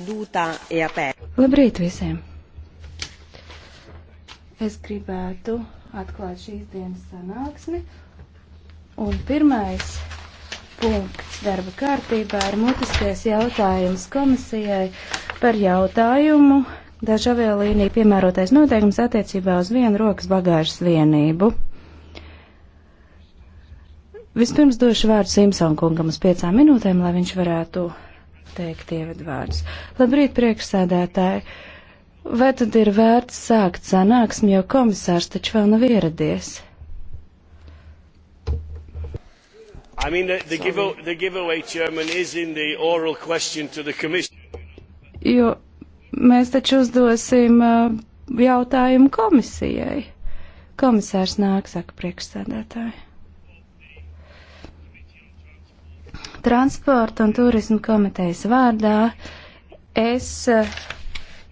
E Labrīt visiem! Es gribētu atklāt šīs dienas sanāksmi. Un pirmais punkts darba kārtībā ir mutiskais jautājums komisijai par jautājumu dažu aviolīniju piemērotais noteikums attiecībā uz vienu rokas bagāžas vienību. Vispirms došu vārdu Simpson kungam uz piecām minūtēm, lai viņš varētu teikt ievadvārdus. Labrīt, priekšsēdētāji! Vai tad ir vērts sākt sanāksmi, jo komisārs taču vēl nav ieradies? I mean, the, the, give, the giveaway chairman is in the oral question to the commission. Jo mēs taču uzdosim uh, jautājumu komisijai. Komisārs nāk, saka priekšsēdētāji. Transporta un turismu komitejas vārdā es e,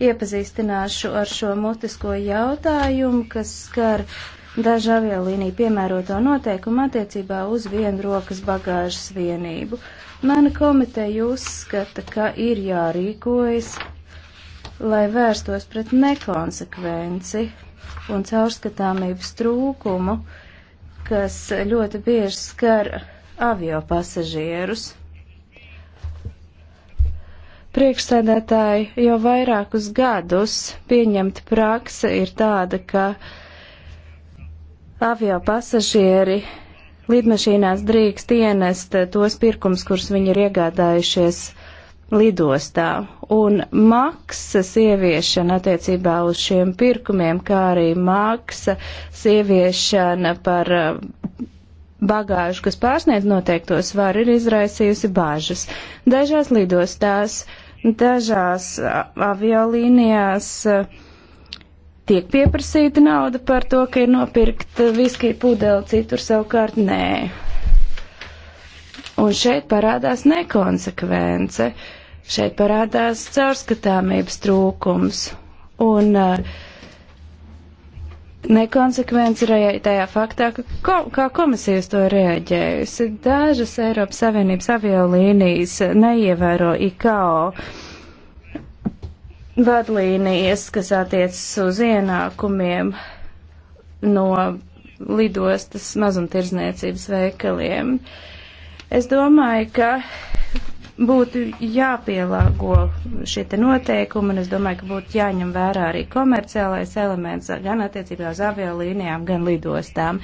iepazīstināšu ar šo mutisko jautājumu, kas skar dažu aviolīniju piemēroto noteikumu attiecībā uz vienu rokas bagāžas vienību. Mana komiteja uzskata, ka ir jārīkojas, lai vērstos pret nekonsekvenci un caurskatāmības trūkumu, kas ļoti bieži skar avio pasažierus. Priekšsēdētāji jau vairākus gadus pieņemta prakse ir tāda, ka avio pasažieri lidmašīnās drīkst ienest tos pirkums, kurus viņi ir iegādājušies lidostā. Un maksas ieviešana attiecībā uz šiem pirkumiem, kā arī maksa ieviešana par bagāžu, kas pārsniedz noteikto svaru, ir izraisījusi bāžas. Dažās lidostās, dažās aviolīnijās tiek pieprasīta nauda par to, ka ir nopirkt viskiju pudeli, citur savukārt nē. Un šeit parādās nekonsekvence, šeit parādās caurskatāmības trūkums. Un uh, nekonsekvence ir tajā faktā, ka ko, kā komisijas to reaģējusi. Dažas Eiropas Savienības aviolīnijas neievēro IKO vadlīnijas, kas attiecas uz ienākumiem no lidostas mazumtirdzniecības veikaliem. Es domāju, ka būtu jāpielāgo šie te noteikumi, un es domāju, ka būtu jāņem vērā arī komerciālais elements gan attiecībā uz aviolīnijām, gan lidostām.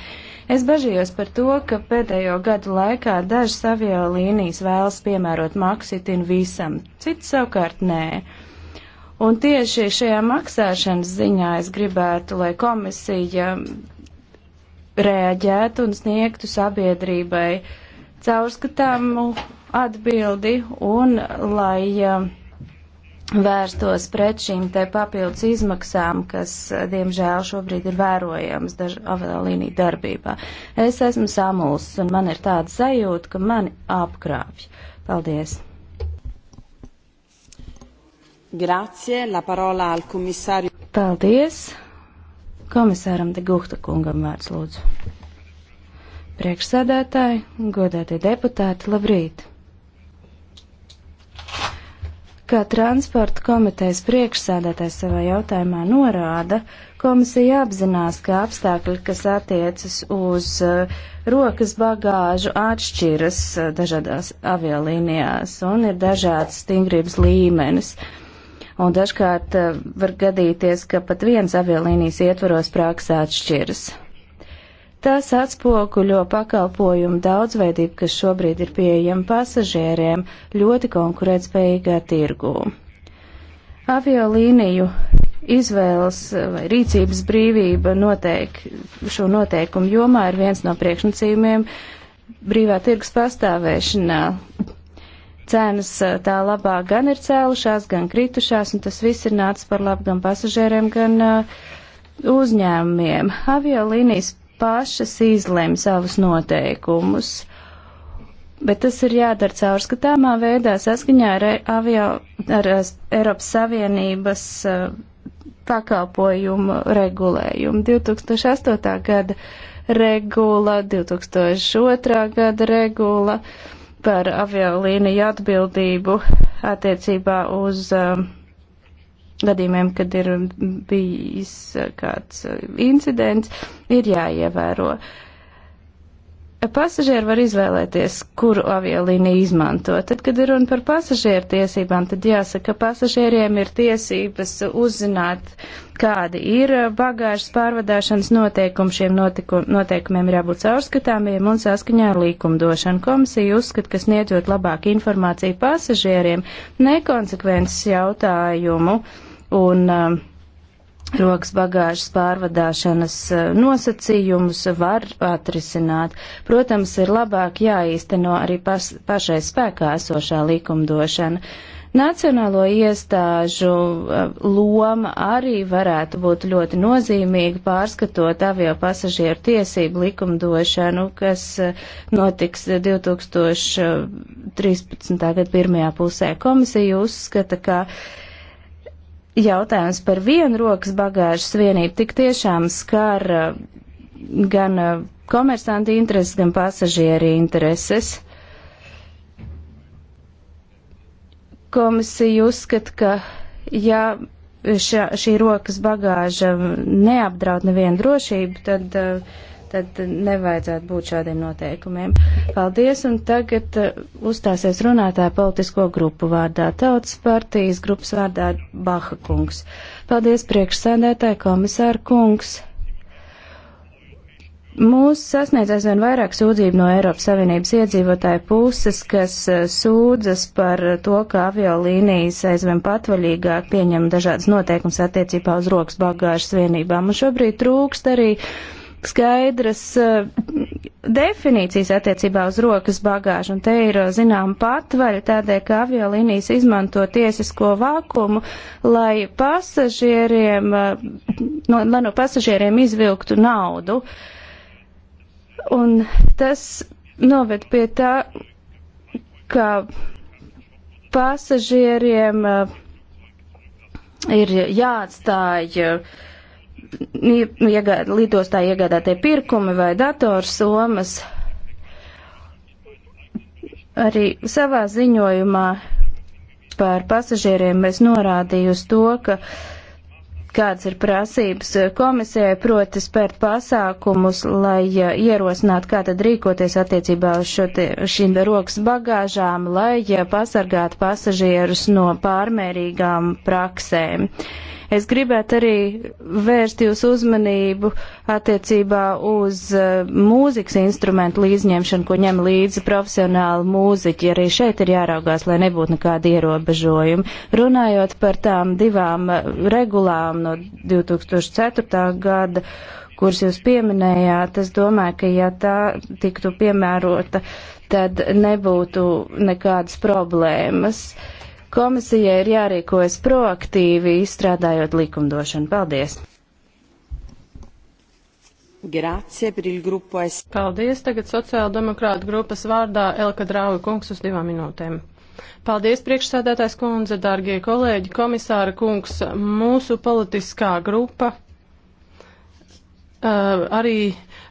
Es bažījos par to, ka pēdējo gadu laikā dažas aviolīnijas vēlas piemērot maksitin visam, citas savukārt nē. Un tieši šajā maksāšanas ziņā es gribētu, lai komisija reaģētu un sniegtu sabiedrībai caurskatāmu atbildi un lai uh, vērstos pret šīm te papildus izmaksām, kas, e, diemžēl, šobrīd ir vērojams aviolīniju darbībā. Es esmu samulsis un man ir tāda sajūta, ka mani apkrāpj. Paldies! Grazie, la parola al komisāri. Paldies! Komisāram de Guhta kungam vārds lūdzu. Priekšsēdētāji, godētie deputāti, labrīt! Kā transporta komitejas priekšsēdētājs savā jautājumā norāda, komisija apzinās, ka apstākļi, kas attiecas uz uh, rokas bagāžu, atšķiras uh, dažādās aviolīnijās un ir dažāds stingrības līmenis. Un dažkārt uh, var gadīties, ka pat viens aviolīnijas ietvaros prāks atšķiras. Tas atspoguļo pakalpojumu daudzveidību, kas šobrīd ir pieejama pasažieriem ļoti konkurētspējīgā tirgū. Aviolīniju izvēles vai rīcības brīvība noteik, šo noteikumu jomā ir viens no priekšnacījumiem brīvā tirgus pastāvēšanā. Cenas tā labā gan ir cēlušās, gan kritušās, un tas viss ir nācis par labu gan pasažieriem, gan uh, uzņēmumiem. Aviolīnijas pašas izlem savus noteikumus, bet tas ir jādara caurskatāmā veidā saskaņā ar, avio, ar Eiropas Savienības eh, pakalpojumu regulējumu. 2008. gada regula, 2002. gada regula par aviolīniju atbildību attiecībā uz uh, gadījumiem, kad ir bijis kāds uh, incidents, ir jāievēro. Pasažieri var izvēlēties, kuru aviolīniju izmanto. Tad, kad ir runa par pasažieru tiesībām, tad jāsaka, ka pasažieriem ir tiesības uzzināt, kādi ir uh, bagāžas pārvadāšanas noteikumi. Šiem notikum, noteikumiem ir jābūt caurskatāmiem un saskaņā ar līkumdošanu. Komisija uzskata, ka sniedzot labāku informāciju pasažieriem, nekonsekvences jautājumu. Uh, un uh, rokas bagāžas pārvadāšanas uh, nosacījumus var atrisināt. Protams, ir labāk jāīsteno arī pas, pašai spēkā esošā likumdošana. Nacionālo iestāžu uh, loma arī varētu būt ļoti nozīmīga pārskatot avio pasažieru tiesību likumdošanu, kas uh, notiks 2013. gada pirmajā pusē. Komisija uzskata, ka jautājums par vienu rokas bagāžas vienību tik tiešām skar eh, gan eh, komersanti intereses, gan pasažieri intereses. Komisija uzskata, ka ja šā, šī rokas bagāža neapdraud nevienu drošību, tad uh, tad nevajadzētu būt šādiem noteikumiem. Paldies, un tagad uh, uzstāsies runātāja politisko grupu vārdā Tautas partijas grupas vārdā Baha kungs. Paldies, priekšsēdētāji, komisāra kungs. Mūs sasniedz aizvien vairāk sūdzību no Eiropas Savienības iedzīvotāju puses, kas uh, sūdzas par uh, to, ka aviolīnijas aizvien patvaļīgāk pieņem dažādas noteikums attiecībā uz rokas bagāžas vienībām. Un šobrīd trūkst arī uh, skaidras eh, definīcijas attiecībā uz rokas bagāžu, un te ir eh, zinām patvaļa tādēļ, ka aviolīnijas izmanto tiesisko vakumu, lai pasažieriem, eh, no, lai no pasažieriem izvilktu naudu. Un tas noved pie tā, ka pasažieriem ir jāatstāj uh, iegād, lidostā iegādātie pirkumi vai datorsomas. Arī savā ziņojumā par pasažieriem es norādīju uz to, ka kāds ir prasības komisijai, proti spērt pasākumus, lai ierosinātu, kā tad rīkoties attiecībā uz te, šīm rokas bagāžām, lai pasargātu pasažierus no pārmērīgām praksēm. Uh, Es gribētu arī vērst jūsu uzmanību attiecībā uz eh, mūzikas instrumentu līdzņemšanu, ko ņem līdzi profesionāli mūziķi. Arī šeit ir jāraugās, lai nebūtu nekāda ierobežojuma. Runājot par tām divām eh, regulām no 2004. gada, kuras jūs pieminējāt, es domāju, ka ja tā tiktu piemērota, tad nebūtu nekādas problēmas. Uh, Komisijai ir jārīkojas proaktīvi, izstrādājot likumdošanu. Paldies! Grācie, es... Paldies! Tagad sociāldemokrāta grupas vārdā Elka Drauga kungs uz divām minūtēm. Paldies, priekšsēdētājs kundze, dārgie kolēģi, komisāra kungs, mūsu politiskā grupa uh, arī.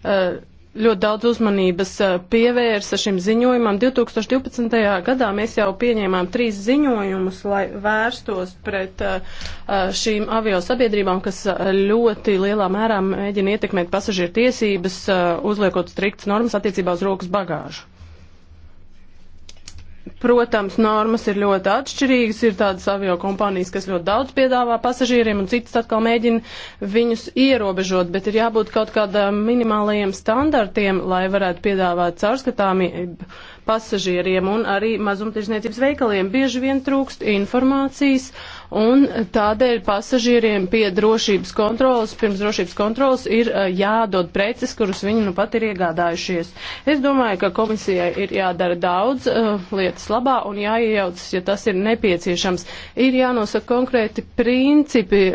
Uh, ļoti daudz uzmanības eh, pievērsa šim ziņojumam. 2012. gadā mēs jau pieņēmām trīs ziņojumus, lai vērstos pret eh, eh, šīm avio sabiedrībām, kas ļoti lielā mērā mēģina ietekmēt pasažieru tiesības, uzliekot striktas normas attiecībā uz rokas bagāžu Protams, normas ir ļoti atšķirīgas. Ir tādas avio kompānijas, kas ļoti daudz piedāvā pasažieriem, un citas atkal mēģina viņus ierobežot, bet ir jābūt kaut kādam minimālajiem standartiem, lai varētu piedāvāt caurskatāmību pasažieriem un arī mazumtirdzniecības veikaliem. Bieži vien trūkst informācijas, un tādēļ pasažieriem pie drošības kontrolas, pirms drošības kontrolas ir eh, jādod preces, kuras viņi nu pat ir iegādājušies. Es domāju, ka komisijai ir jādara daudz eh, lietas kvalitātes labā un jāiejaucas, ja tas ir nepieciešams. Ir jānosaka konkrēti principi,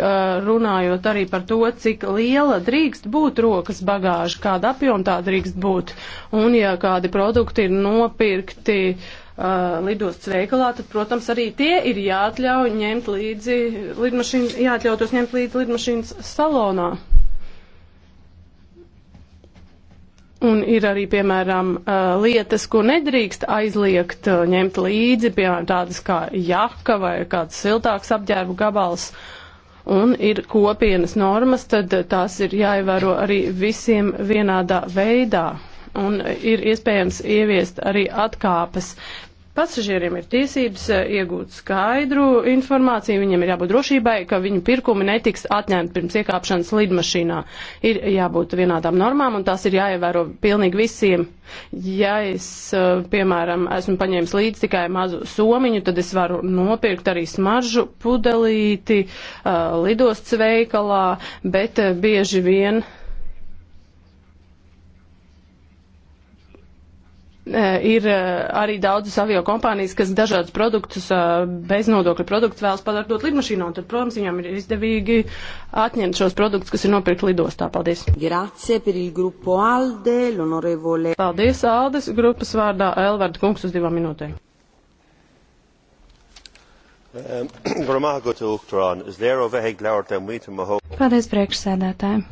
runājot arī par to, cik liela drīkst būt rokas bagāža, kāda apjoma tā drīkst būt. Un ja kādi produkti ir nopirkti lidostas veikalā, tad, protams, arī tie ir jāatļauj ņemt līdzi lidmašīnas, jāatļautos ņemt līdzi lidmašīnas salonā. Un ir arī, piemēram, uh, lietas, ko nedrīkst aizliegt uh, ņemt līdzi, piemēram, tādas kā jaka vai kāds siltāks apģērbu gabals. Un ir kopienas normas, tad tās ir jāievēro arī visiem vienādā veidā. Un ir iespējams ieviest arī atkāpes. Pasažieriem ir tiesības eh, iegūt skaidru informāciju, viņiem ir jābūt drošībai, ka viņu pirkumi netiks atņemti pirms iekāpšanas lidmašīnā. Ir jābūt vienādām normām, un tās ir jāievēro pilnīgi visiem. Ja es, eh, piemēram, esmu paņēmis līdzi tikai mazu somiņu, tad es varu nopirkt arī smaržu pudelīti eh, lidosts veikalā, bet bieži vien Eh, ir eh, arī daudzas avio kompānijas, kas dažādus produktus, eh, beznodokļu produktus vēlas padarot lidmašīnā, un tad, protams, viņam ir izdevīgi atņemt šos produktus, kas ir nopirkt lidostā. Paldies. Grazie per il gruppo Alde, l'onorevole. Paldies, Aldes, grupas vārdā Elvard Kungs uz divām minūtēm. Ehm, Paldies, priekšsēdētāji.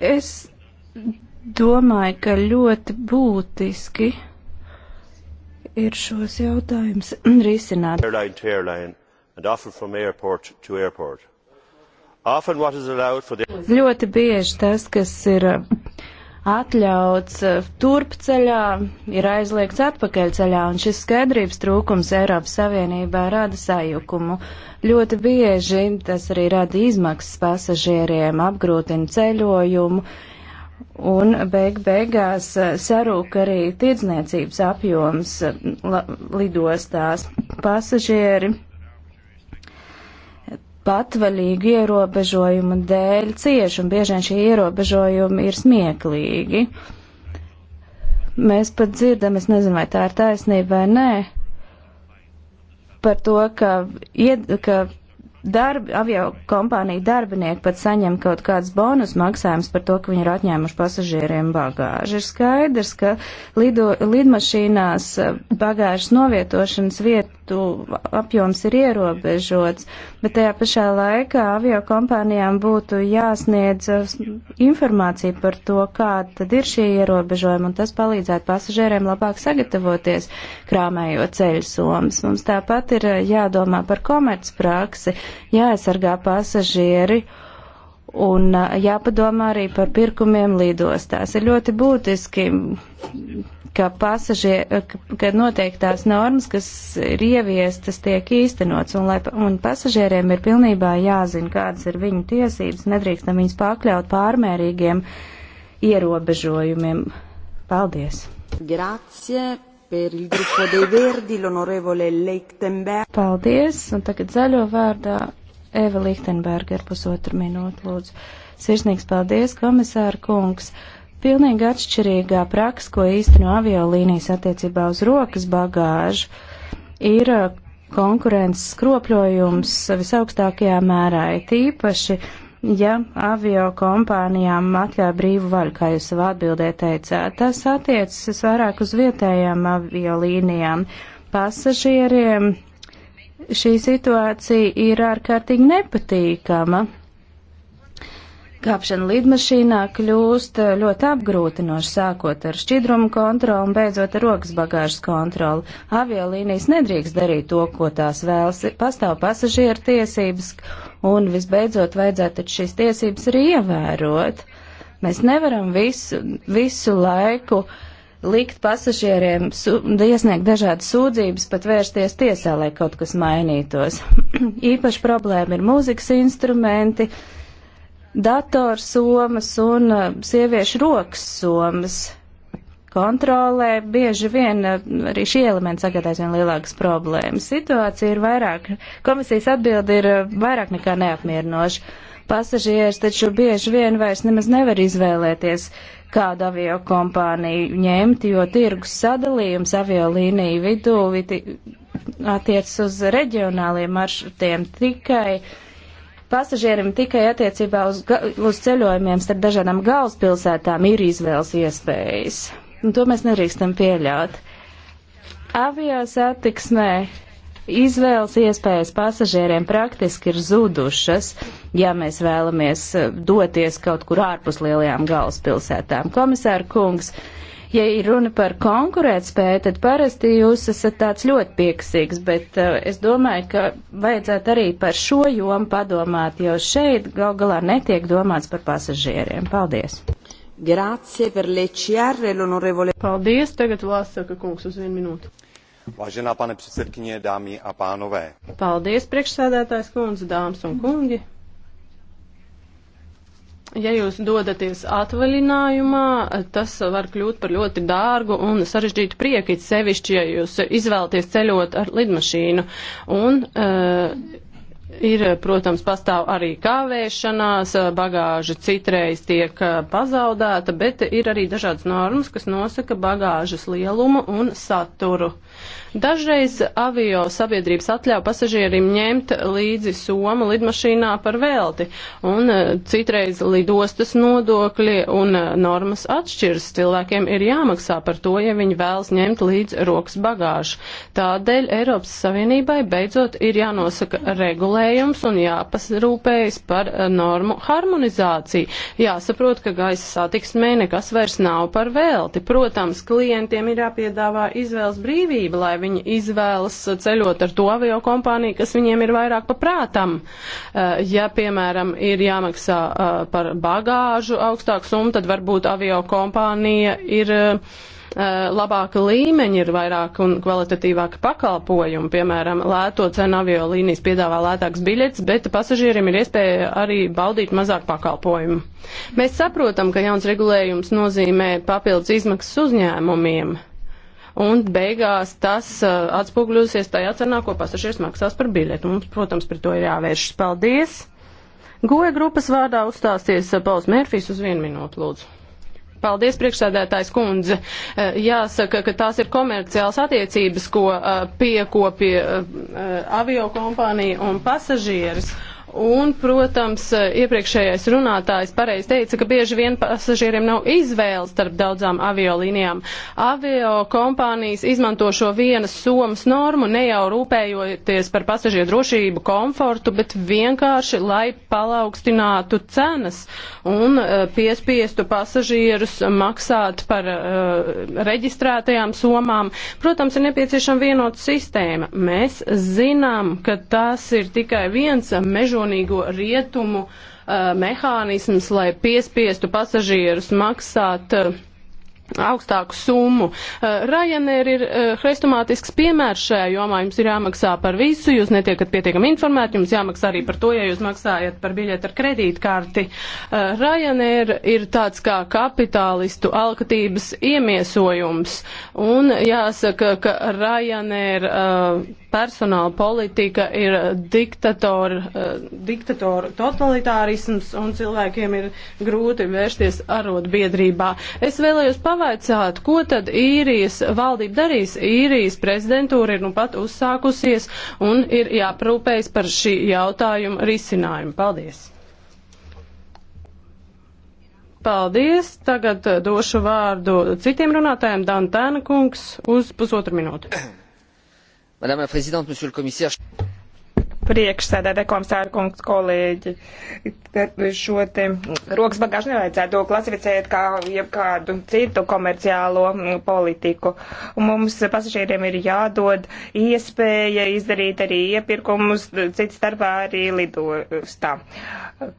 Es domāju, ka ļoti būtiski ir šos jautājumus risināt. Airline to airline and often from airport to airport. Often what is allowed for the... Ļoti bieži tas, kas ir atļauts eh, turpceļā, ir aizliegts atpakaļceļā, un šis skaidrības trūkums Eiropas Savienībā rada sajukumu. Ļoti bieži tas arī rada izmaksas pasažieriem, apgrūtina ceļojumu, un beig beigās eh, sarūk arī tirdzniecības apjoms eh, lidostās. Pasažieri patvaļīgu ierobežojumu dēļ cieši, un bieži vien šie ierobežojumi ir smieklīgi. Mēs pat dzirdam, es nezinu, vai tā ir taisnība vai nē, par to, ka, ied, ka darbi, avio kompānija darbinieki pat saņem kaut kāds bonus maksājums par to, ka viņi ir atņēmuši pasažieriem bagāžu. Ir skaidrs, ka lido, lidmašīnās eh, bagāžas novietošanas vietu apjoms ir ierobežots, bet tajā pašā laikā avio kompānijām būtu jāsniedz eh, informācija par to, kāda tad ir šī ierobežojuma, un tas palīdzētu pasažieriem labāk sagatavoties krāmējot ceļu somas. Mums tāpat ir eh, jādomā par komercpraksi jāaizsargā pasažieri un jāpadomā arī par pirkumiem lidostās. Ir ļoti būtiski, ka pasažieri, ka noteiktās normas, kas ir ieviestas, tiek īstenots, un, lai, un pasažieriem ir pilnībā jāzina, kādas ir viņu tiesības, nedrīkstam viņus pakļaut pārmērīgiem ierobežojumiem. Paldies! Grazie Paldies, un tagad zaļo vārdā Eva Lichtenberga ar pusotru minūtu lūdzu. Sirsnīgs paldies, komisāra kungs. Pilnīgi atšķirīgā praksa, ko īsteno aviolīnijas attiecībā uz rokas bagāžu, ir uh, konkurences skropļojums visaugstākajā mērā, tīpaši ja avio kompānijām atļauj brīvu vaļu, kā jūs savā atbildē teicāt. Tas attiecas vairāk uz vietējām avio līnijām. Pasažieriem šī situācija ir ārkārtīgi nepatīkama. Kāpšana lidmašīnā kļūst eh, ļoti apgrūtinoši, sākot ar šķidrumu kontroli un beidzot ar rokas bagāžas kontroli. Aviolīnijas nedrīkst darīt to, ko tās vēlas. Pastāv pasažieru tiesības un visbeidzot vajadzētu šīs tiesības arī ievērot. Mēs nevaram visu, visu laiku likt pasažieriem iesniegt dažādas sūdzības, pat vērsties tiesā, lai kaut kas mainītos. Īpaši problēma ir mūzikas instrumenti datorsomas un uh, sieviešu rokas somas kontrolē, bieži vien uh, arī šie elementi sagādājas vien lielākas problēmas. Situācija ir vairāk, komisijas atbildi ir uh, vairāk nekā neapmierinoša. Pasažieris taču bieži vien vairs nemaz nevar izvēlēties, kādu avio kompāniju ņemt, jo tirgus sadalījums avio līniju vidū vidi, attiec uz reģionāliem maršrutiem tikai uh, pasažierim tikai attiecībā uz, uz ceļojumiem starp dažādām galvaspilsētām ir izvēles iespējas. Un to mēs nerīkstam pieļaut. Avio satiksmē izvēles iespējas pasažieriem praktiski ir zudušas, ja mēs vēlamies eh, doties kaut kur ārpus lielajām galvaspilsētām. Komisāra kungs, uh, Ja ir runa par konkurētspēju, tad parasti jūs esat tāds ļoti pieksīgs, bet uh, es domāju, ka vajadzētu arī par šo jomu padomāt, jo šeit gal galā netiek domāts par pasažieriem. Paldies! Grazie per l'ECR, l'onorevole. Paldies, tagad Vlasaka kungs uz vienu minūtu. Vážená pane předsedkyně, dámy a pánové. Paldies, priekšsēdētājs kundze, dāmas un kungi. Mm ja jūs dodaties atvaļinājumā, tas var kļūt par ļoti dārgu un sarežģītu prieku, it sevišķi, ja jūs izvēlaties ceļot ar lidmašīnu. Un, uh, Ir, eh, protams, pastāv arī kāvēšanās, eh, bagāža citreiz tiek eh, pazaudēta, bet ir arī dažādas normas, kas nosaka bagāžas lielumu un saturu. Dažreiz avio sabiedrības atļauj pasažierim ņemt līdzi somu lidmašīnā par velti, un citreiz lidostas nodokļi un normas atšķiras. Cilvēkiem ir jāmaksā par to, ja viņi vēlas ņemt līdzi rokas bagāžu. Tādēļ Eiropas Savienībai beidzot ir jānosaka regulējums regulējums un jāpasrūpējas par eh, normu harmonizāciju. Jāsaprot, ka gaisa satiksmē nekas vairs nav par velti. Protams, klientiem ir jāpiedāvā izvēles brīvība, lai viņi izvēlas ceļot ar to avio kompāniju, kas viņiem ir vairāk paprātam. Eh, ja, piemēram, ir jāmaksā eh, par bagāžu augstāku summu, tad varbūt avio kompānija ir Eh, labāka līmeņa ir vairāk un kvalitatīvāka pakalpojuma. Piemēram, lēto cenu aviolīnijas piedāvā lētāks biļets, bet pasažierim ir iespēja arī baudīt mazāk pakalpojumu. Mēs saprotam, ka jauns regulējums nozīmē papildus izmaksas uzņēmumiem. Un beigās tas uh, eh, atspūgļosies tajā cenā, ko pasažieris maksās par biļeti. Mums, protams, par to ir jāvēršas. Paldies! Goja grupas vārdā uzstāsties eh, Pauls Mērfijs uz vienu minūtu, lūdzu. Paldies, priekšsēdētājs kundze. E, jāsaka, ka tās ir komerciāls attiecības, ko e, piekopja e, avio kompānija un pasažieris. Un, protams, iepriekšējais runātājs pareizi teica, ka bieži vien pasažieriem nav izvēles starp daudzām aviolīnijām. Avio kompānijas izmanto šo vienas somas normu ne jau rūpējoties par pasažieru drošību, komfortu, bet vienkārši, lai palaugstinātu cenas un uh, piespiestu pasažierus maksāt par uh, reģistrētajām somām. Protams, ir nepieciešama vienota sistēma. Mēs zinām, ka tas ir tikai viens mežu mežonīgo rietumu uh, mehānisms, lai piespiestu pasažierus maksāt uh, augstāku summu. Uh, Ryanair ir uh, hrestomātisks piemērs šajā jomā. Jums ir jāmaksā par visu, jūs netiekat pietiekami informēti, jums jāmaksā arī par to, ja jūs maksājat par biļeti ar kredītkarti. Uh, Ryanair ir tāds kā kapitālistu alkatības iemiesojums. Un jāsaka, ka Ryanair. Uh, personāla politika ir diktatora, uh, eh, diktatora totalitārisms un cilvēkiem ir grūti vērsties arotbiedrībā. Es vēlējos pavaicāt, ko tad īrijas valdība darīs. Īrijas prezidentūra ir nu pat uzsākusies un ir jāprūpējas par šī jautājuma risinājumu. Paldies! Paldies! Tagad eh, došu vārdu citiem runātājiem. Dantēna kungs uz pusotru minūtu. Madame la Présidente, Monsieur le Commissaire. Priekšsēdētāji, komisāri, kungs, kolēģi, šo te rokas bagāžu nevajadzētu klasificēt kā jebkādu citu komerciālo politiku. Mums pasažieriem ir jādod iespēja izdarīt arī iepirkumus, cits starpā arī lidostā.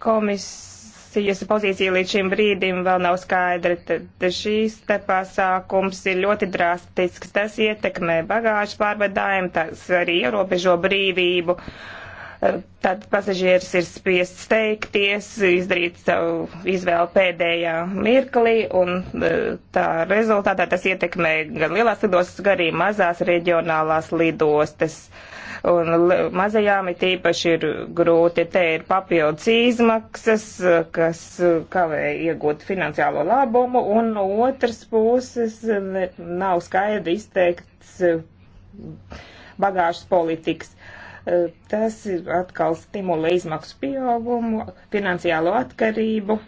Komisija komisijas pozīcija līdz šim brīdim vēl nav skaidra, tad šīs te pasākums ir ļoti drastisks. Tas ietekmē bagāžu pārvadājumu, tas arī ierobežo brīvību. Eh, tad pasažieris ir spiests steigties, izdarīt savu izvēlu pēdējā mirklī, un eh, tā rezultātā tas ietekmē gan lielās lidostas, gan arī mazās reģionālās lidostas. Uh, un mazajām it īpaši ir grūti. Te ir papildus izmaksas, kas kavē iegūt finansiālo labumu, un no otras puses nav skaidri izteikts eh, bagāžas politikas eh, tas atkal stimulē izmaksu pieaugumu, finansiālo atkarību,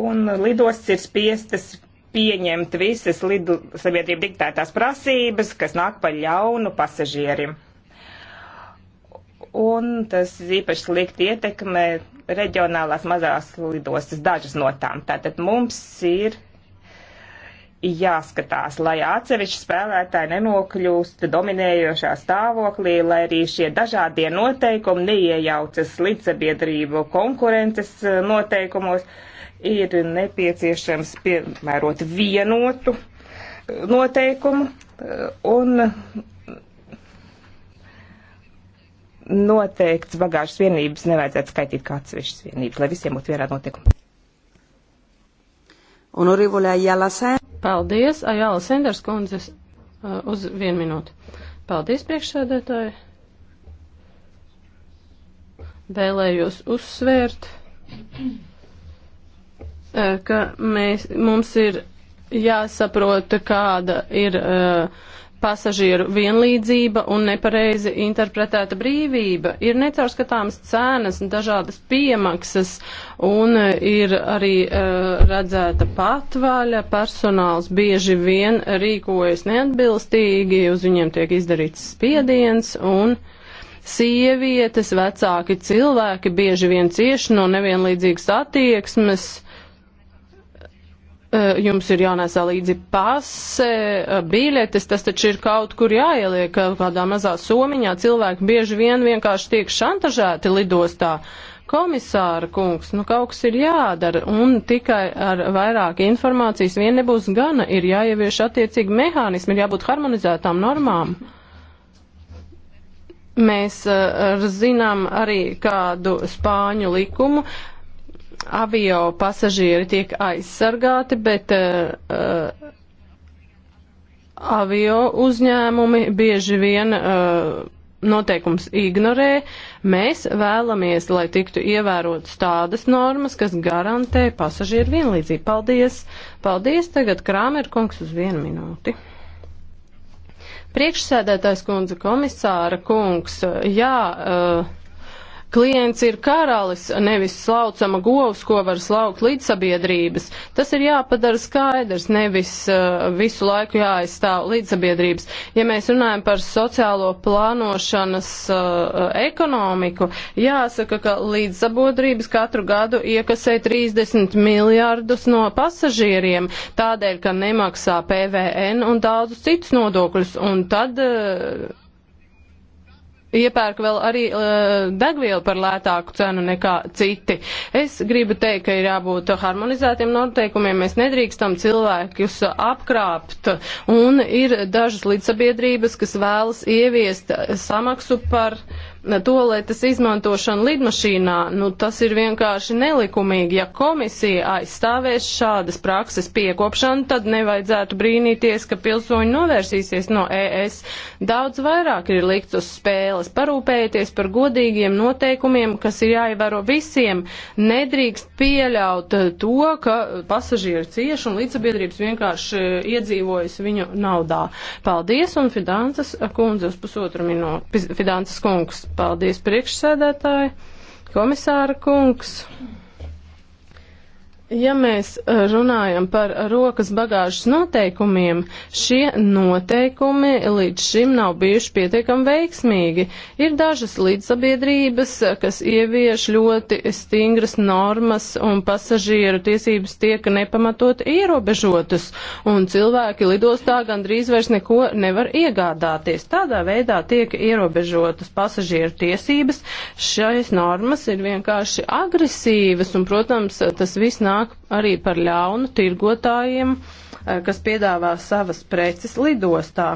un lidostas ir spiestas pieņemt visas lidu sabiedrību diktētās prasības, kas nāk pa ļaunu pasažierim un tas īpaši slikti ietekmē reģionālās mazās lidostas dažas no tām. Tātad mums ir jāskatās, lai atsevišķi spēlētāji nenokļūst dominējošā stāvoklī, lai arī šie dažādie noteikumi neiejaucas līdzsabiedrību konkurences eh, noteikumos, ir nepieciešams piemērot vienotu eh, noteikumu eh, un noteikts bagāžas vienības nevajadzētu skaitīt kā atsevišķas vienības, lai visiem būtu vienādi noteikumi. Paldies, Ajāla Senders kundzes, uh, uz vienu minūti. Paldies, priekšsēdētāji. Vēlējos uzsvērt, uh, ka mēs, mums ir jāsaprota, kāda ir uh, pasažieru vienlīdzība un nepareizi interpretēta brīvība. Ir necaurskatāmas cenas un dažādas piemaksas, un ir arī uh, redzēta patvaļa. Personāls bieži vien rīkojas neatbilstīgi, uz viņiem tiek izdarīts spiediens un sievietes, vecāki cilvēki bieži vien cieši no nevienlīdzīgas attieksmes Eh, jums ir jānesa līdzi pase, eh, biļetes, tas taču ir kaut kur jāieliek eh, kādā mazā somiņā. Cilvēki bieži vien vienkārši tiek šantažēti lidostā. Komisāra kungs, nu kaut kas ir jādara, un tikai ar vairāk informācijas vien nebūs gana, ir jāievieš attiecīgi mehānismi, ir jābūt harmonizētām normām. Mēs uh, ar zinām arī kādu spāņu likumu, uh, avio pasažieri tiek aizsargāti, bet uh, avio uzņēmumi bieži vien uh, noteikums ignorē. Mēs vēlamies, lai tiktu ievērotas tādas normas, kas garantē pasažieru vienlīdzību. Paldies! Paldies! Tagad Krāmer kungs uz vienu minūti. Priekšsēdētājs kundze komisāra kungs, jā, uh, Klients ir karalis, nevis slaucama govs, ko var slaukt līdzsabiedrības. Tas ir jāpadara skaidrs, nevis uh, visu laiku jāaizstāv līdzsabiedrības. Ja mēs runājam par sociālo plānošanas uh, ekonomiku, jāsaka, ka līdzsabiedrības katru gadu iekasē 30 miljārdus no pasažieriem, tādēļ, ka nemaksā PVN un daudzus citus nodokļus. Un tad, uh, iepērk vēl arī uh, degvielu par lētāku cenu nekā citi. Es gribu teikt, ka ir jābūt harmonizētiem noteikumiem, mēs nedrīkstam cilvēkus apkrāpt, un ir dažas līdzsabiedrības, kas vēlas ieviest samaksu par uh, toaletes izmantošana lidmašīnā, nu tas ir vienkārši nelikumīgi. Ja komisija aizstāvēs šādas prakses piekopšanu, tad nevajadzētu brīnīties, ka pilsoņi novērsīsies no ES. Daudz vairāk ir likts uz spēles. Parūpējieties par godīgiem noteikumiem, kas ir jāievēro visiem. Nedrīkst pieļaut eh, to, ka pasažieri cieši un līdzsabiedrības vienkārši eh, iedzīvojas viņu naudā. Paldies un Fidances kundze uz pusotru minūti. Fidances kungs. Paldies priekšsēdētāji, komisāra kungs. Ja mēs uh, runājam par rokas bagāžas noteikumiem, šie noteikumi līdz šim nav bijuši pietiekami veiksmīgi. Ir dažas līdzsabiedrības, uh, kas ievieš ļoti stingras normas un pasažieru tiesības tiek nepamatot ierobežotas, un cilvēki lidostā gandrīz vairs neko nevar iegādāties. Tādā veidā tiek ierobežotas pasažieru tiesības. Šais normas ir vienkārši agresīvas, un, protams, tas viss nāk nāk arī par ļaunu tirgotājiem, eh, kas piedāvā savas preces lidostā.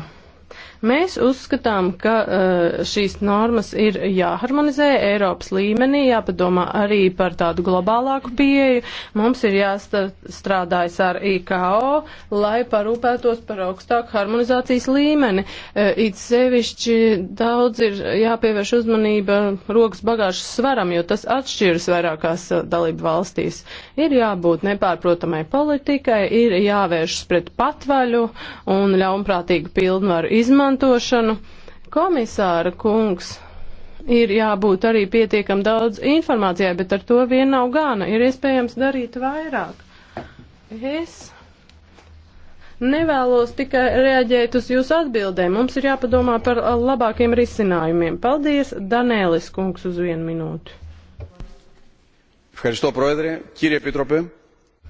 Mēs uzskatām, ka uh, šīs normas ir jāharmonizē Eiropas līmenī, jāpadomā arī par tādu globālāku pieeju. Mums ir jāstrādājas ar IKO, lai parūpētos par augstāku harmonizācijas līmeni. Uh, it sevišķi daudz ir jāpievērš uzmanība rokas bagāžas svaram, jo tas atšķiras vairākās uh, dalību valstīs. Ir jābūt nepārprotamai politikai, ir jāvēršas pret patvaļu un ļaunprātīgu pilnvaru izmantošanu izmantošanu. Komisāra kungs, ir jābūt arī pietiekam daudz informācijai, bet ar to vien nav gana. Ir iespējams darīt vairāk. Es nevēlos tikai reaģēt uz jūsu atbildēm. Mums ir jāpadomā par labākiem risinājumiem. Paldies, Danēlis kungs, uz vienu minūtu.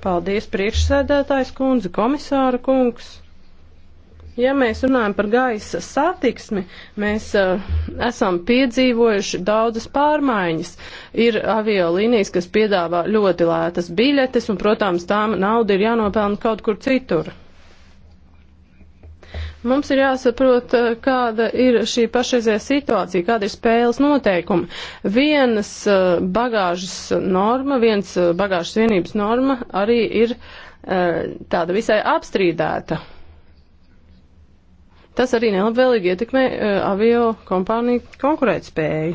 Paldies, priekšsēdētājs kundze, komisāra kungs. Ja mēs runājam par gaisa satiksmi, mēs uh, esam piedzīvojuši daudzas pārmaiņas. Ir aviolīnijas, kas piedāvā ļoti lētas biļetes, un, protams, tām nauda ir jānopelna kaut kur citur. Mums ir jāsaprot, uh, kāda ir šī pašreizējā situācija, kāda ir spēles noteikumi. Vienas uh, bagāžas norma, viens uh, bagāžas vienības norma arī ir tāda visai apstrīdēta. Tas arī nelabvēlīgi ietekmē uh, avio kompāniju konkurētspēju.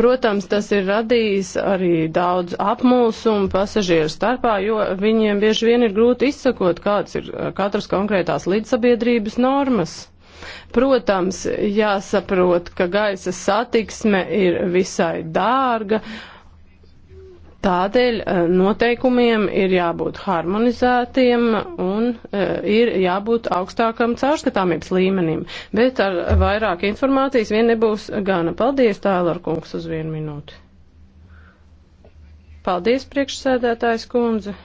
Protams, tas ir radījis arī daudz apmulsumu pasažieru starpā, jo viņiem bieži vien ir grūti izsakot, kāds ir e, katras konkrētās līdzsabiedrības normas. Protams, jāsaprot, ka gaisa satiksme ir visai dārga Tādēļ eh, noteikumiem ir jābūt harmonizētiem un eh, ir jābūt augstākam caurskatāmības līmenim, bet ar vairāk informācijas vien nebūs gana. Paldies, Tālar kungs, uz vienu minūti. Paldies, priekšsēdētājs kundze.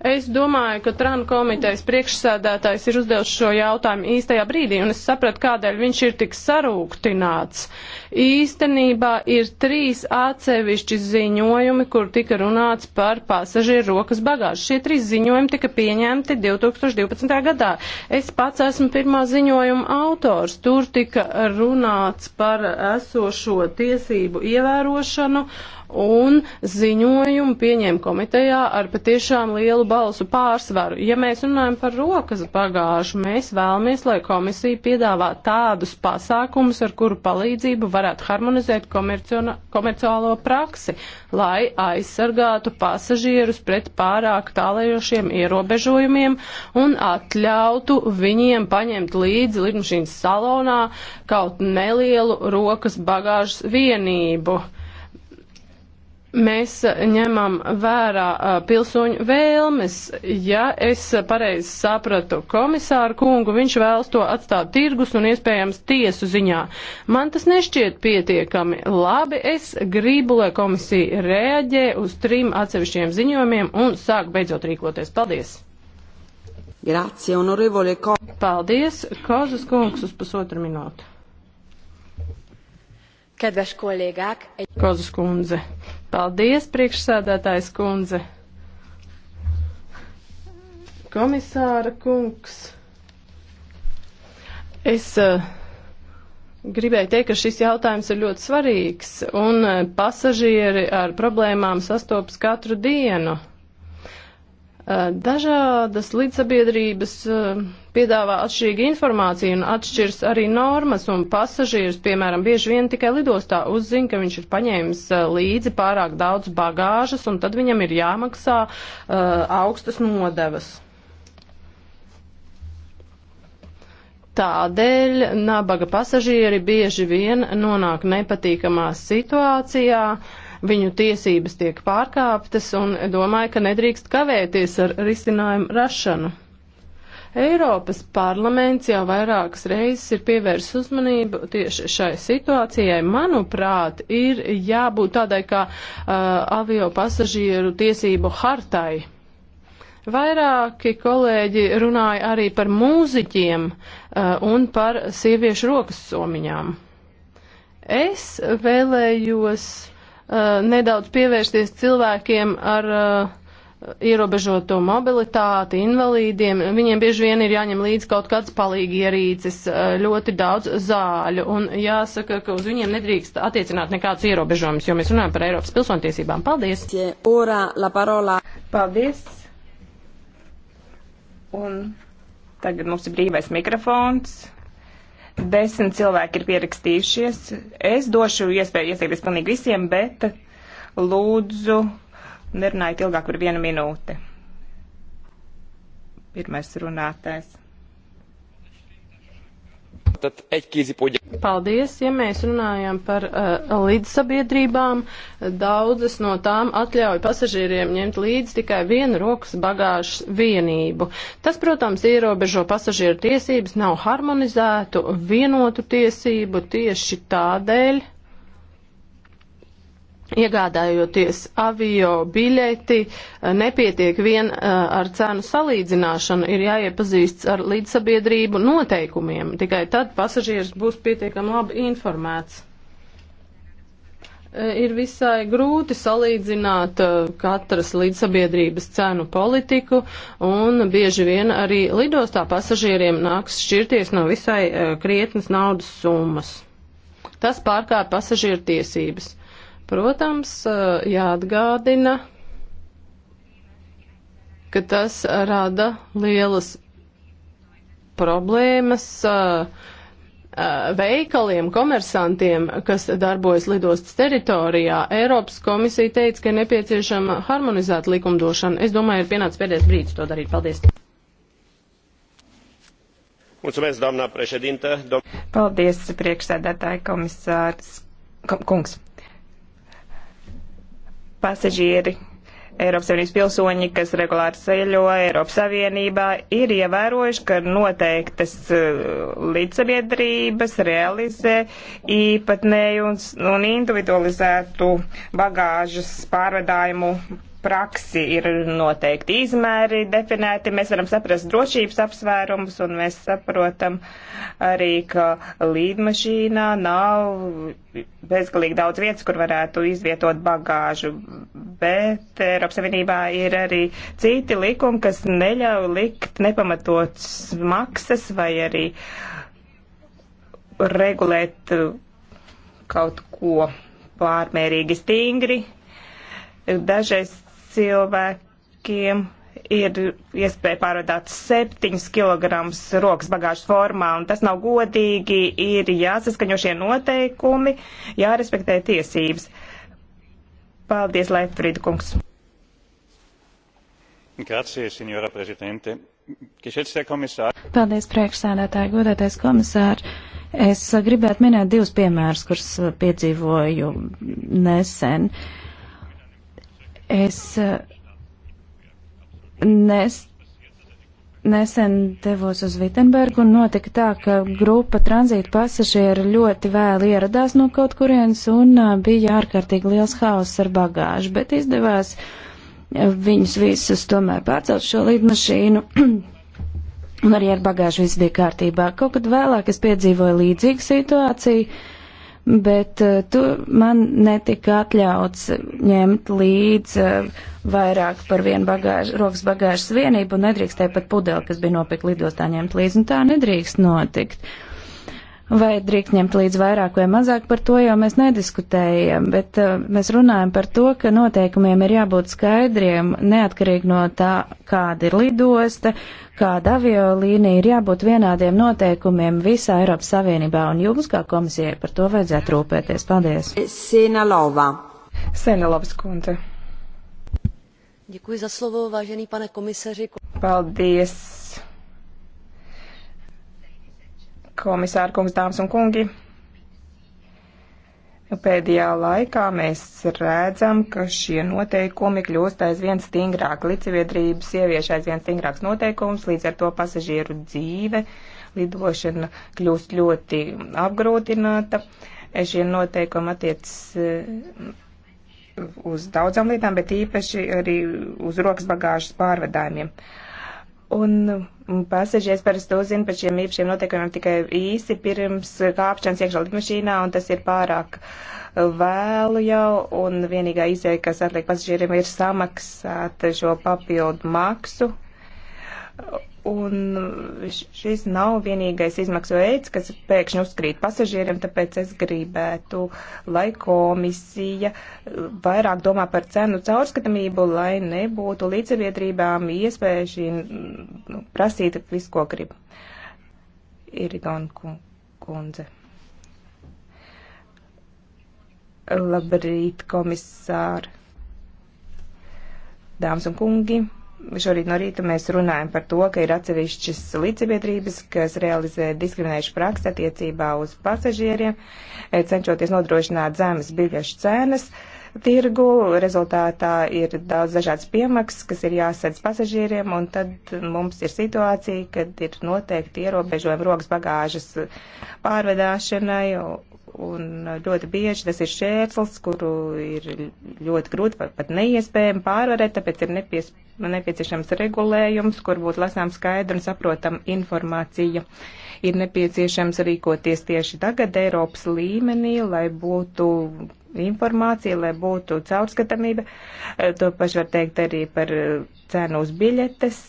Es domāju, ka Trana komitejas priekšsēdētājs ir uzdevis šo jautājumu īstajā brīdī, un es sapratu, kādēļ viņš ir tik sarūktināts. Īstenībā ir trīs atsevišķi ziņojumi, kur tika runāts par pasažieru rokas bagāžu. Šie trīs ziņojumi tika pieņemti 2012. gadā. Es pats esmu pirmā ziņojuma autors. Tur tika runāts par esošo tiesību ievērošanu un ziņojumu pieņēma komitejā ar patiešām lielu balsu pārsvaru. Ja mēs runājam par rokas bagāžu, mēs vēlamies, lai komisija piedāvā tādus pasākumus, ar kuru palīdzību varētu harmonizēt komerciālo praksi, lai aizsargātu pasažierus pret pārāk tālējošiem ierobežojumiem un atļautu viņiem paņemt līdzi lidmašīnas salonā kaut nelielu rokas bagāžas vienību mēs ņemam vērā pilsoņu vēlmes. Ja es pareizi sapratu komisāru kungu, viņš vēlas to atstāt tirgus un iespējams tiesu ziņā. Man tas nešķiet pietiekami labi. Es gribu, lai komisija reaģē uz trim atsevišķiem ziņojumiem un sāk beidzot rīkoties. Paldies! Grazie, onorevole Ko. Paldies, Kozas kungs, uz pusotru minūtu. Kedves kollégák! Egy... Kozas kundze! Paldies, priekšsēdētājs kundze. Komisāra kungs. Es uh, Gribēju teikt, ka šis jautājums ir ļoti svarīgs, un eh, pasažieri ar problēmām sastopas katru dienu. Eh, dažādas līdzsabiedrības eh, piedāvā atšķirīgu informāciju un atšķirs arī normas, un pasažieris, piemēram, bieži vien tikai lidostā uzzina, ka viņš ir paņēmis eh, līdzi pārāk daudz bagāžas, un tad viņam ir jāmaksā uh, augstas nodevas. Tādēļ nabaga pasažieri bieži vien nonāk nepatīkamā situācijā, uh, viņu tiesības tiek pārkāptas un domāju, ka nedrīkst kavēties ar risinājumu rašanu. Eiropas parlaments jau vairākas reizes ir pievērsis uzmanību tieši šai situācijai. Manuprāt, ir jābūt tādai kā uh, avio pasažieru tiesību hartai. Vairāki kolēģi runāja arī par mūziķiem uh, un par sieviešu rokas somiņām. Es vēlējos Uh, nedaudz pievērsties cilvēkiem ar uh, ierobežoto mobilitāti, invalīdiem, viņiem bieži vien ir jāņem līdz kaut kāds palīgierīces, uh, ļoti daudz zāļu, un jāsaka, ka uz viņiem nedrīkst attiecināt nekāds ierobežojums, jo mēs runājam par Eiropas pilsontiesībām. Paldies! Paldies! Un tagad mums ir brīvais mikrofons. Desmit cilvēki ir pierakstījušies. Es došu iespēju iesaistīties pilnīgi visiem, bet lūdzu nerunājiet ilgāk par vienu minūti. Pirmais runātājs. Tad egykézi podja. Paldies, ja mēs runājam par uh, līdzsabiedrībām, daudzas no tām atļauj pasažieriem ņemt līdzi tikai vienu rokas bagāžas vienību. Tas, protams, ierobežo pasažieru tiesības, nav harmonizētu vienotu tiesību tieši tādēļ Iegādājoties avio biļeti, eh, nepietiek vien eh, ar cenu salīdzināšanu, ir jāiepazīsts ar līdzsabiedrību noteikumiem. Tikai tad pasažieris būs pietiekami labi informēts. Eh, ir visai grūti salīdzināt katras līdzsabiedrības cenu politiku, un bieži vien arī lidostā pasažieriem nāks šķirties no visai krietnas naudas summas. Tas pārkāpj pasažieru tiesības. Protams, jāatgādina, ka tas rada lielas problēmas veikaliem, komersantiem, kas darbojas lidostas teritorijā. Eiropas komisija teica, ka nepieciešama harmonizēta likumdošana. Es domāju, ir pienācis pēdējais brīdis to darīt. Paldies! Mulțumesc, doamna președintă. Dom- Paldies, priekšsēdētāji komisārs kungs pasažieri, Eiropas Savienības pilsoņi, kas regulāri ceļo Eiropas Savienībā, ir ievērojuši, ka noteiktas uh, līdzsabiedrības realizē īpatnēju un, un individualizētu bagāžas pārvedājumu praksi ir noteikti izmēri definēti, mēs varam saprast drošības apsvērumus un mēs saprotam arī, ka līdmašīnā nav bezgalīgi daudz vietas, kur varētu izvietot bagāžu, bet Eiropas Savienībā ir arī citi likumi, kas neļauj likt nepamatots maksas vai arī regulēt kaut ko pārmērīgi stingri dažreiz cilvēkiem ir iespēja pārādāt 7 kg rokas bagāžas formā, un tas nav godīgi, ir jāsaskaņo šie noteikumi, jārespektē tiesības. Paldies, Leifrīd kungs. Grazie, signora prezidente. Paldies, priekšsēdētāji, godētais komisār. Es gribētu minēt divus piemērus, kurus piedzīvoju nesen. Uh, Es eh, nes, nesen devos uz Vitenbergu un notika tā, ka grupa tranzīta pasažieru ļoti vēli ieradās no kaut kurienes un eh, bija ārkārtīgi liels haoss ar bagāžu, bet izdevās eh, viņus visus tomēr pārcelt šo lidmašīnu. un arī ar bagāžu viss bija kārtībā. Kaut kad vēlāk es piedzīvoju līdzīgu situāciju, bet uh, eh, tur man netika atļauts ņemt līdz uh, vairāk par vienu bagāžu, rokas bagāžas vienību un nedrīkstēja pat pudeli, kas bija nopirkt lidostā ņemt līdzi, un tā nedrīkst notikt. Uh, Vai drīkst ņemt līdz vairāk vai mazāk par to, jo mēs nediskutējam, bet uh, mēs runājam par to, ka noteikumiem ir jābūt skaidriem, neatkarīgi no tā, kāda ir lidosta, kāda aviolīnija, ir jābūt vienādiem noteikumiem visā Eiropas Savienībā, un jums kā komisijai par to vajadzētu rūpēties. Paldies! Senalova. Senalovas kundze. Děkuji za slovo, vážený pane komisaři. Paldies komisāra kungs, dāmas un kungi. Pēdējā laikā mēs redzam, ka šie noteikumi kļūst aizvien stingrāk. Līdzsaviedrības ievieš aizvien stingrāks noteikums, līdz ar to pasažieru dzīve, lidošana kļūst ļoti apgrūtināta. Šie noteikumi attiecas eh, uz daudzām lietām, bet īpaši arī uz rokas bagāžas pārvedājumiem. Uh, Un mm, pasažieris parasti uzzina par šiem īpašiem noteikumiem tikai īsi pirms kāpšanas iekšā lidmašīnā, un tas ir pārāk vēlu jau, un vienīgā izēja, kas atliek pasažieriem, ir samaksāt šo papildu maksu. Un šis nav vienīgais izmaksu veids, kas pēkšņi uzkrīt pasažieriem, tāpēc es gribētu, lai komisija uh, vairāk domā par cenu caurskatamību, lai nebūtu līdzsaviedrībām iespēja šī nu, prasīt visu, ko grib. Irigon kundze. Labrīt, komisāri. Dāmas un kungi. Šorīt no rīta mēs runājam par to, ka ir atsevišķas līdzsabiedrības, kas realizē diskriminējušu praksi attiecībā uz pasažieriem, e, cenšoties nodrošināt zemes biļešu cenas tirgu. Rezultātā ir daudz dažādas piemaksas, kas ir jāsadz pasažieriem, un tad mums ir situācija, kad ir noteikti ierobežojumi rokas bagāžas pārvedāšanai Un uh, ļoti bieži tas ir šķērslis, kuru ir ļoti grūti vai pat neiespējami pārvarēt, tāpēc ir nepies, nepieciešams regulējums, kur būtu lasām skaidra un saprotam informācija. Ir nepieciešams rīkoties tieši tagad Eiropas līmenī, lai būtu informācija, lai būtu caurskatamība. Uh, to pašu var teikt arī par uh, cenu uz biļetes,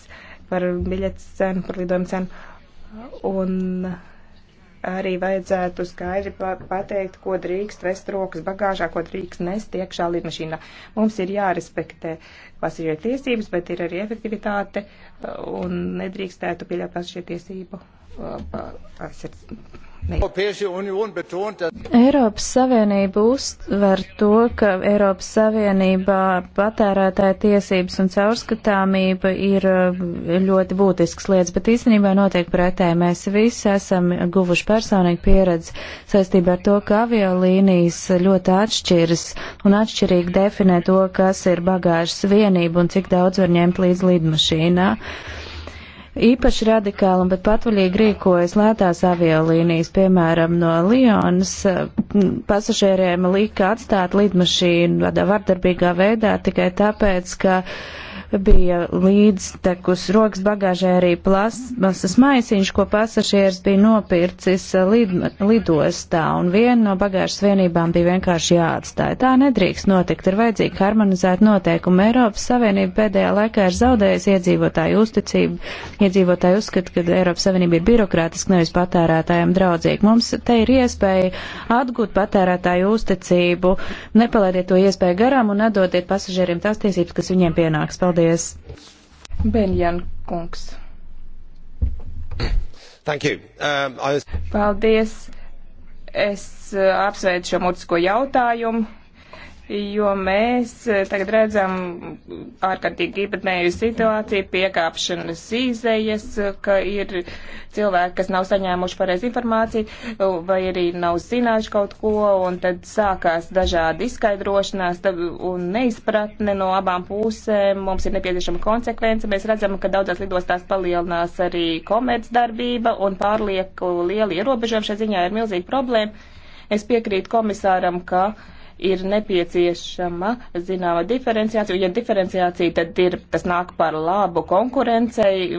par biļetes cenu, par lidojumu cenu. Un arī vajadzētu skaidri pateikt, ko drīkst vest rokas bagāžā, ko drīkst nest iekšā lidmašīnā. Mums ir jārespektē pasažieru tiesības, bet ir arī efektivitāte uh, un nedrīkstētu pieļaut pasažieru tiesību uh, aizsardzību. Eiropas Savienība uztver to, ka Eiropas Savienībā patērētāja tiesības un caurskatāmība ir eh, ļoti būtisks lietas, bet īstenībā notiek pretēji. Mēs visi esam guvuši personīgi pieredzi saistībā ar to, ka aviolīnijas ļoti atšķiras un atšķirīgi definē to, kas ir bagāžas vienība un cik daudz var ņemt līdz lidmašīnā. Uh, īpaši radikāli un pat patvaļīgi rīkojas lētās aviolīnijas, piemēram, no Lionas eh, pasažieriem lika atstāt lidmašīnu tādā vardarbīgā veidā tikai tāpēc, ka uh, bija līdztekus rokas bagāžē arī plasmasas maisiņš, ko pasažieris bija nopircis lid, lidostā, un viena no bagāžas vienībām bija vienkārši jāatstāja. Tā nedrīkst notikt, ir vajadzīgi harmonizēt noteikumu. Eiropas Savienība pēdējā laikā ir zaudējusi iedzīvotāju uzticību, iedzīvotāju uzskatu, ka Eiropas Savienība ir birokrātiski, nevis patērētājiem draudzīgi. Mums te ir iespēja atgūt patērētāju uzticību, nepalaidiet to iespēju garām un nedodiet pasažieriem tās tiesības, kas viņiem pienāks. Paldies! Paldies! Benjan kungs. Thank you. Um, I was... Paldies! Es uh, apsveicu šo mutisko jautājumu jo mēs eh, tagad redzam ārkārtīgi īpatnēju situāciju, piekāpšanas izējas, ka ir cilvēki, kas nav saņēmuši pareizi informāciju vai arī nav zinājuši kaut ko, un tad sākās dažādi izskaidrošanās un neizpratne no abām pusēm. Mums ir nepieciešama konsekvence. Mēs redzam, ka daudzās lidostās palielinās arī komercdarbība un pārlieku lieli ierobežojumi šajā ziņā ir milzīga problēma. Es piekrītu komisāram, ka uh, ir nepieciešama zināma diferenciācija. Ja diferenciācija, tad ir, tas nāk par labu konkurencei.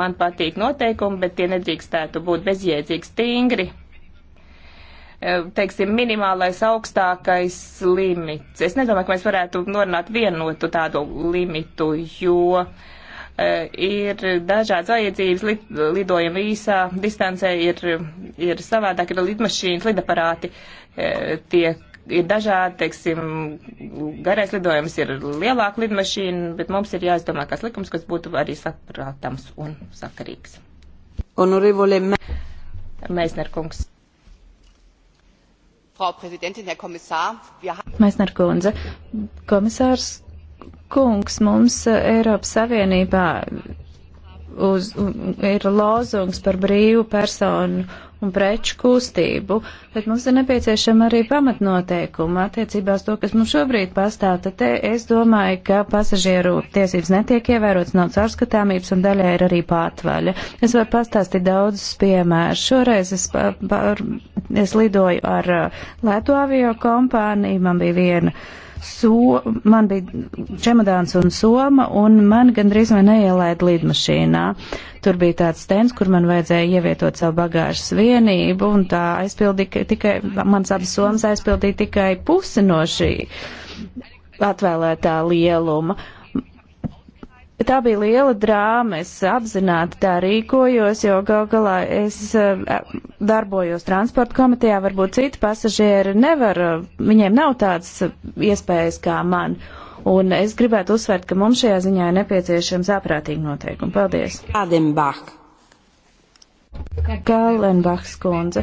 Man patīk noteikumi, bet tie nedrīkstētu būt bezjēdzīgi stingri. E, teiksim, minimālais augstākais limits. Es nedomāju, ka mēs varētu norunāt vienotu tādu limitu, jo e, ir dažādas vajadzības, lid, lidojumi īsā distancē ir, ir savādāk, ir lidmašīnas, lidaparāti e, tiek ir dažādi, teiksim, garais lidojums ir lielāka lidmašīna, bet mums ir jāizdomā kāds likums, kas būtu arī saprātams un sakarīgs. Honorevole Meisner kungs. Frau Präsidentin, Herr Kommissar, wir haben. Meisner kundze, komisārs kungs, mums eh, Eiropas Savienībā uz, ir lozungs par brīvu personu un preču kustību, bet mums ir nepieciešama arī pamatnoteikuma attiecībā uz to, kas mums šobrīd pastāv. Tad es domāju, ka pasažieru tiesības netiek ievērotas, nav caurskatāmības un daļai ir arī pārtvaļa. Es varu pastāstīt daudzus piemērus. Šoreiz es, pa, pa, es lidoju ar uh, lētu avio kompāniju, man bija viena so, man bija čemodāns un soma, un man gandrīz vai neielaida lidmašīnā. Tur bija tāds stends, kur man vajadzēja ievietot savu bagāžas vienību, un tā aizpildīja tikai, mans abas somas aizpildīja tikai pusi no šī atvēlētā lieluma. Tā bija liela drāma, es apzināti tā rīkojos, jo gal galā es eh, darbojos transporta komitejā, varbūt citi pasažieri nevar, eh, viņiem nav tādas eh, iespējas kā man. Un es gribētu uzsvērt, ka mums šajā ziņā ir nepieciešams āprātīgi noteikumi. Paldies! Adenbach. Kalenbachs kundze.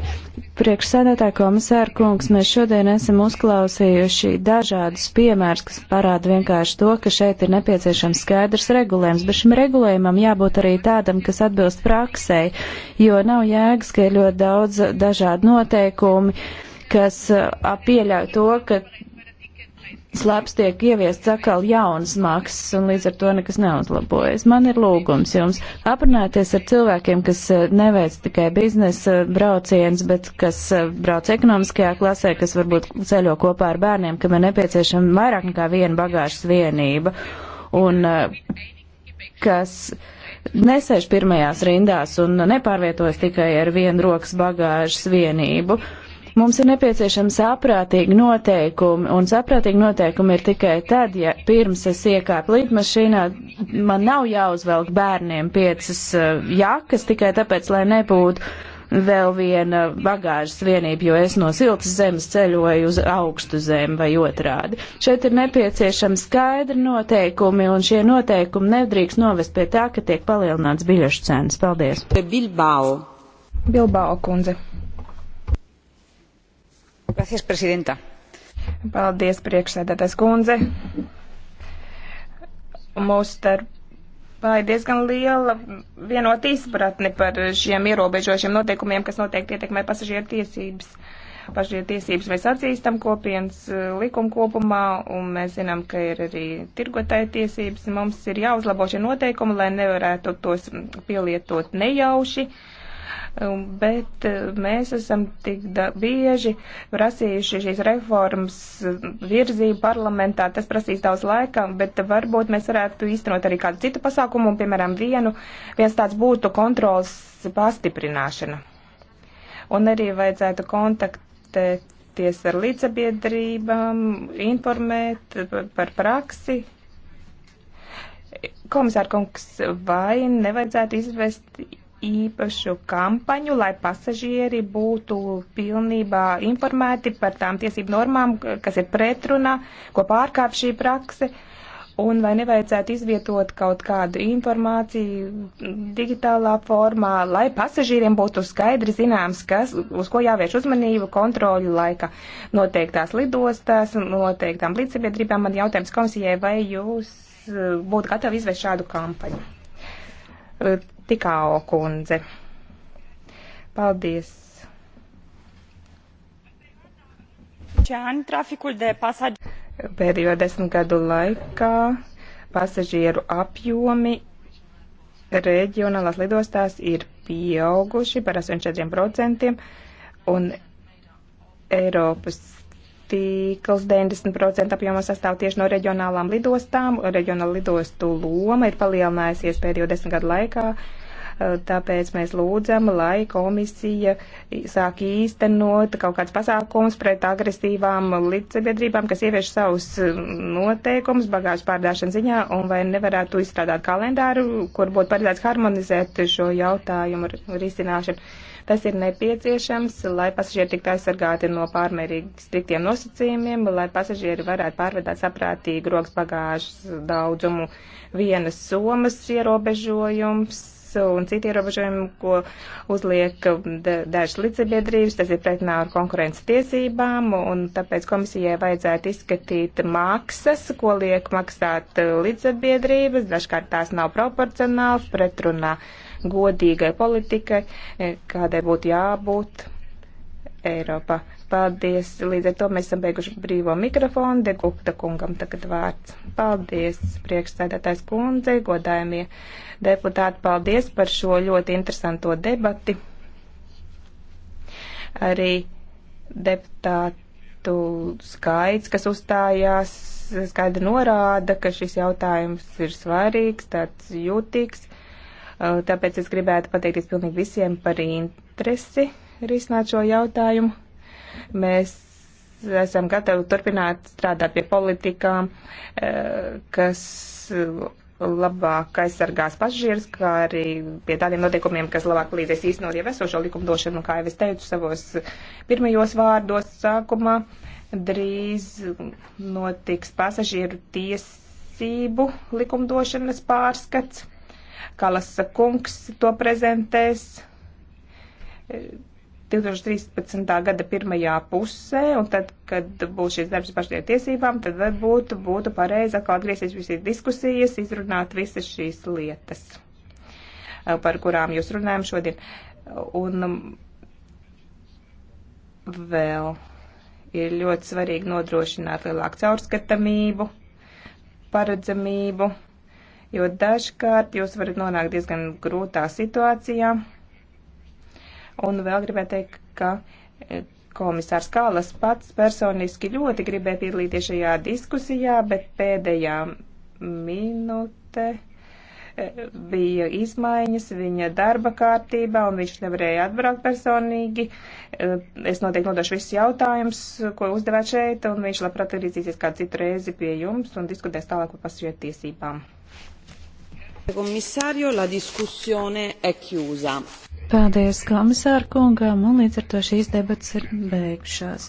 Priekšsēdētāja komisāra kungs, mēs šodien esam uzklausījuši dažādus piemērus, kas parāda vienkārši to, ka šeit ir nepieciešams skaidrs regulējums, bet šim regulējumam jābūt arī tādam, kas atbilst praksē, jo nav jēgas, ka ir ļoti daudz dažādu noteikumu, kas pieļauj to, ka slēps tiek ieviests atkal jaunas maksas, un līdz ar to nekas neuzlabojas. Man ir lūgums jums aprunāties ar cilvēkiem, kas eh, neveic tikai biznesa eh, brauciens, bet kas eh, brauc ekonomiskajā klasē, kas varbūt ceļo kopā ar bērniem, kam ir nepieciešama vairāk nekā viena bagāžas vienība, un kas nesēž pirmajās rindās un nepārvietojas tikai ar vienu rokas bagāžas vienību. Uh, Mums ir nepieciešama saprātīga noteikumi, un saprātīga noteikumi ir tikai tad, ja pirms es iekāpu lidmašīnā, man nav jāuzvelk bērniem piecas eh, jakas tikai tāpēc, lai nebūtu vēl viena bagāžas vienība, jo es no siltas zemes ceļoju uz augstu zemi vai otrādi. Šeit ir nepieciešama skaidra noteikumi, un šie noteikumi nedrīkst novest pie tā, ka tiek palielināts biļešu cenas. Paldies! Bilbao. Bilbao kundze. Gracias, prezidenta. Paldies, priekšsēdētājs kundze. Mūsu starpā ir diezgan liela vienota izpratne par šiem ierobežošiem noteikumiem, kas noteikti ietekmē pasažieru tiesības. Pasažieru tiesības mēs atzīstam kopienas eh, likuma kopumā, un mēs zinām, ka ir arī tirgotāja tiesības. Mums ir jāuzlabo šie noteikumi, lai nevarētu tos pielietot nejauši. Uh, bet eh, mēs esam tik bieži prasījuši šīs reformas eh, virzību parlamentā. Tas prasīs daudz laika, bet varbūt mēs varētu īstenot arī kādu citu pasākumu, un, piemēram, vienu, viens tāds būtu kontrols pastiprināšana. Un arī vajadzētu kontaktēties ar līdzsabiedrībām, informēt par praksi, komisāra kungs, vai nevajadzētu izvest īpašu kampaņu, lai pasažieri būtu pilnībā informēti par tām tiesību normām, kas ir pretrunā, ko pārkāp šī prakse, un vai nevajadzētu izvietot kaut kādu informāciju digitālā formā, lai pasažieriem būtu skaidri zināms, kas, uz ko jāvērš uzmanību kontroļu laika noteiktās lidostās, noteiktām līdzsabiedrībām. Man jautājums komisijai, vai jūs eh, būtu gatavi izvērst šādu kampaņu? Tikāo kundze. Paldies! Pēdējo desmit gadu laikā pasažieru apjomi reģionālās lidostās ir pieauguši par 84%, un Eiropas tīkls 90% apjomā sastāv tieši no reģionālām lidostām. Reģionāla lidostu loma ir palielinājusies pēdējo desmit gadu laikā. Eh, tāpēc mēs lūdzam, lai komisija sāk īstenot kaut kāds pasākums pret agresīvām līdzsabiedrībām, kas ievieš savus eh, noteikumus bagāžu pārdāšanas ziņā, un vai nevarētu izstrādāt kalendāru, kur būtu paredzēts harmonizēt šo jautājumu risināšanu. Ar Tas ir nepieciešams, lai pasažieri tiktu aizsargāti no pārmērīgi striktiem nosacījumiem, lai pasažieri varētu pārvedāt saprātīgi rokas bagāžas daudzumu vienas somas ierobežojums un citi ierobežojumi, ko uzliek um, dažas līdzsabiedrības, tas ir pretinā ar konkurences tiesībām, un tāpēc komisijai vajadzētu izskatīt maksas, ko liek maksāt uh, līdzsabiedrības, dažkārt tās nav proporcionāls, pretrunā godīgai politikai, e, kādai būtu jābūt Eiropā. Paldies. Līdz ar to mēs esam beiguši brīvo mikrofonu. Degukta kungam tagad vārds. Paldies, priekšsēdētājs kundze, godājumie deputāti. Paldies par šo ļoti interesanto debati. Arī deputātu skaits, kas uzstājās, skaidri norāda, ka šis jautājums ir svarīgs, tāds jūtīgs Eh, tāpēc es gribētu pateikties pilnīgi visiem par interesi risināt šo jautājumu. Mēs esam gatavi turpināt strādāt pie politikām, eh, kas labāk aizsargās pasažierus, kā arī pie tādiem noteikumiem, kas labāk palīdzēs īstenot jau esošo likumdošanu, kā jau es teicu savos pirmajos vārdos sākumā. Drīz notiks pasažieru tiesību likumdošanas pārskats. Kalasa kungs to prezentēs 2013. gada pirmajā pusē, un tad, kad būs šis darbs pašiem tiesībām, tad varbūt būtu pareizi atkal atgriezties visas diskusijas, izrunāt visas šīs lietas, eh, par kurām jūs runājam šodien. Un um, vēl ir ļoti svarīgi nodrošināt lielāku caurskatamību, paredzamību jo dažkārt jūs varat nonākt diezgan grūtā situācijā. Un vēl gribētu teikt, ka eh, komisārs Kālas pats personiski ļoti gribēja piedalīties šajā diskusijā, bet pēdējā minūte eh, bija izmaiņas viņa darba kārtībā, un viņš nevarēja atbraukt personīgi. Eh, es noteikti nodošu visus jautājumus, ko uzdevāt šeit, un viņš labprāt atgriezīsies kādu citu reizi pie jums un diskutēs tālāk par pasažieru tiesībām. Komisārio, la diskusione e chiusa. Paldies komisāru kungam, un līdz ar to šīs debats ir beigušās.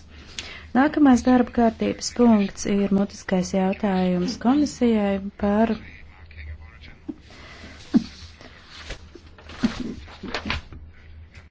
Nākamais darba kārtības punkts ir mutiskais jautājums komisijai par